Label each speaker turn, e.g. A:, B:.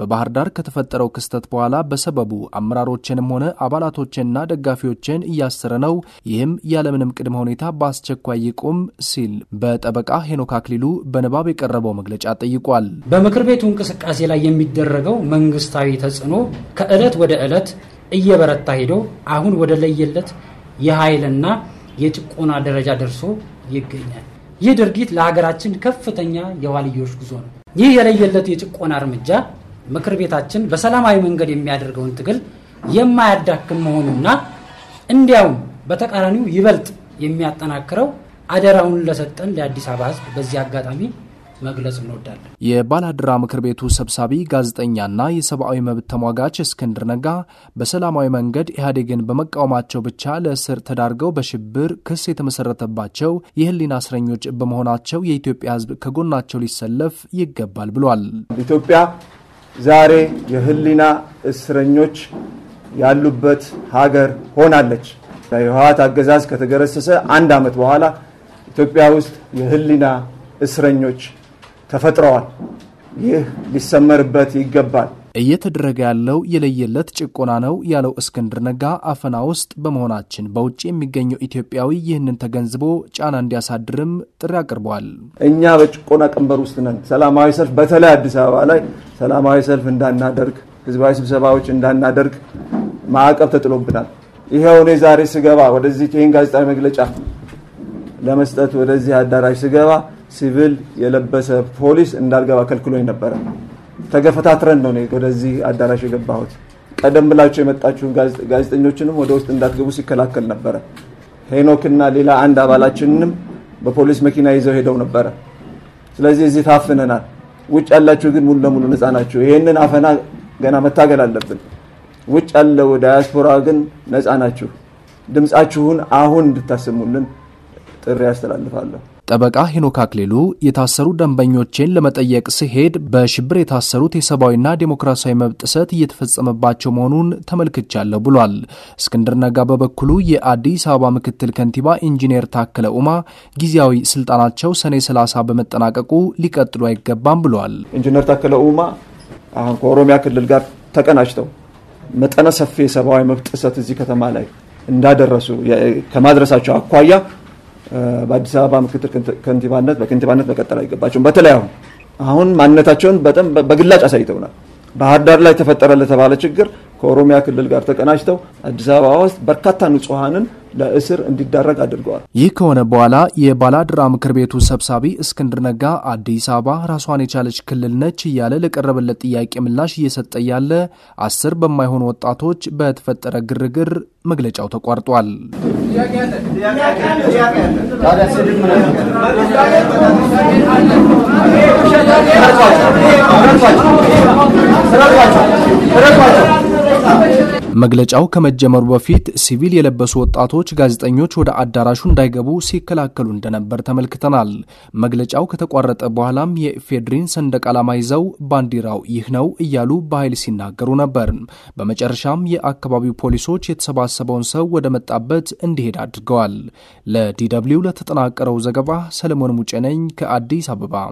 A: በባህር ዳር ከተፈጠረው ክስተት በኋላ በሰበቡ አመራሮችንም ሆነ አባላቶችንና ደጋፊዎችን እያሰረ ነው። ይህም ያለምንም ቅድመ ሁኔታ በአስቸኳይ ይቁም ሲል
B: በጠበቃ ሄኖክ አክሊሉ በንባብ የቀረበው መግለጫ ጠይቋል። በምክር ቤቱ እንቅስቃሴ ላይ የሚደረገው መንግስታዊ ተጽዕኖ ከዕለት ወደ ዕለት እየበረታ ሄዶ አሁን ወደ ለየለት የኃይልና የጭቆና ደረጃ ደርሶ ይገኛል። ይህ ድርጊት ለሀገራችን ከፍተኛ የዋልዮሽ ጉዞ ነው። ይህ የለየለት የጭቆና እርምጃ ምክር ቤታችን በሰላማዊ መንገድ የሚያደርገውን ትግል የማያዳክም መሆኑና እንዲያውም በተቃራኒው ይበልጥ የሚያጠናክረው አደራውን ለሰጠን ለአዲስ አበባ ሕዝብ በዚህ አጋጣሚ መግለጽ እንወዳለን።
A: የባላድራ ምክር ቤቱ ሰብሳቢ ጋዜጠኛና የሰብአዊ መብት ተሟጋች እስክንድር ነጋ በሰላማዊ መንገድ ኢህአዴግን በመቃወማቸው ብቻ ለእስር ተዳርገው በሽብር ክስ የተመሰረተባቸው የህሊና እስረኞች በመሆናቸው የኢትዮጵያ ህዝብ ከጎናቸው ሊሰለፍ ይገባል ብሏል። ኢትዮጵያ
C: ዛሬ የህሊና እስረኞች ያሉበት ሀገር ሆናለች። የህወሀት አገዛዝ ከተገረሰሰ አንድ ዓመት በኋላ ኢትዮጵያ ውስጥ የህሊና እስረኞች ተፈጥረዋል። ይህ ሊሰመርበት
A: ይገባል። እየተደረገ ያለው የለየለት ጭቆና ነው ያለው እስክንድር ነጋ አፈና ውስጥ በመሆናችን በውጭ የሚገኘው ኢትዮጵያዊ ይህንን ተገንዝቦ ጫና እንዲያሳድርም ጥሪ አቅርቧል።
C: እኛ በጭቆና ቀንበር ውስጥ ነን። ሰላማዊ ሰልፍ በተለይ አዲስ አበባ ላይ ሰላማዊ ሰልፍ እንዳናደርግ፣ ህዝባዊ ስብሰባዎች እንዳናደርግ ማዕቀብ ተጥሎብናል። ይኸው እኔ ዛሬ ስገባ ወደዚህ ይህን ጋዜጣዊ መግለጫ ለመስጠት ወደዚህ አዳራሽ ስገባ ሲቪል የለበሰ ፖሊስ እንዳልገባ ከልክሎኝ ነበረ። ተገፈታትረን ነው ወደዚህ አዳራሽ የገባሁት። ቀደም ብላችሁ የመጣችሁ ጋዜጠኞችንም ወደ ውስጥ እንዳትገቡ ሲከላከል ነበረ። ሄኖክና ሌላ አንድ አባላችንንም በፖሊስ መኪና ይዘው ሄደው ነበረ። ስለዚህ እዚህ ታፍነናል። ውጭ ያላችሁ ግን ሙሉ ለሙሉ ነፃ ናችሁ። ይህንን አፈና ገና መታገል አለብን። ውጭ ያለው ዳያስፖራ ግን ነፃ ናችሁ። ድምፃችሁን አሁን እንድታሰሙልን ጥሪ ያስተላልፋለሁ።
A: ጠበቃ ሄኖክ አክሊሉ የታሰሩ ደንበኞቼን ለመጠየቅ ሲሄድ በሽብር የታሰሩት የሰብአዊና ዴሞክራሲያዊ መብት ጥሰት እየተፈጸመባቸው መሆኑን ተመልክቻለሁ ብሏል። እስክንድር ነጋ በበኩሉ የአዲስ አበባ ምክትል ከንቲባ ኢንጂነር ታከለ ኡማ ጊዜያዊ ስልጣናቸው
C: ሰኔ 30 በመጠናቀቁ ሊቀጥሉ አይገባም ብሏል። ኢንጂነር ታከለ ኡማ አሁን ከኦሮሚያ ክልል ጋር ተቀናጅተው መጠነ ሰፊ የሰብአዊ መብት ጥሰት እዚህ ከተማ ላይ እንዳደረሱ ከማድረሳቸው አኳያ በአዲስ አበባ ምክትል ከንቲባነት በከንቲባነት መቀጠል አይገባቸውም። በተለይ አሁን አሁን ማንነታቸውን በጣም በግላጭ አሳይተውናል። ባህር ዳር ላይ ተፈጠረ ለተባለ ችግር ከኦሮሚያ ክልል ጋር ተቀናጅተው አዲስ አበባ ውስጥ በርካታ ንጹሐንን ለእስር እንዲዳረግ አድርገዋል።
A: ይህ ከሆነ በኋላ የባላድራ ምክር ቤቱ ሰብሳቢ እስክንድር ነጋ አዲስ አበባ ራሷን የቻለች ክልል ነች እያለ ለቀረበለት ጥያቄ ምላሽ እየሰጠ ያለ አስር በማይሆኑ ወጣቶች በተፈጠረ ግርግር መግለጫው ተቋርጧል። ረዷቸው መግለጫው ከመጀመሩ በፊት ሲቪል የለበሱ ወጣቶች ጋዜጠኞች ወደ አዳራሹ እንዳይገቡ ሲከላከሉ እንደነበር ተመልክተናል። መግለጫው ከተቋረጠ በኋላም የኢፌዴሪን ሰንደቅ ዓላማ ይዘው ባንዲራው ይህ ነው እያሉ በኃይል ሲናገሩ ነበር። በመጨረሻም የአካባቢው ፖሊሶች የተሰባሰበውን ሰው ወደ መጣበት እንዲሄድ አድርገዋል። ለዲ ለተጠናቀረው ዘገባ ሰለሞን ሙጬ ነኝ ከአዲስ አበባ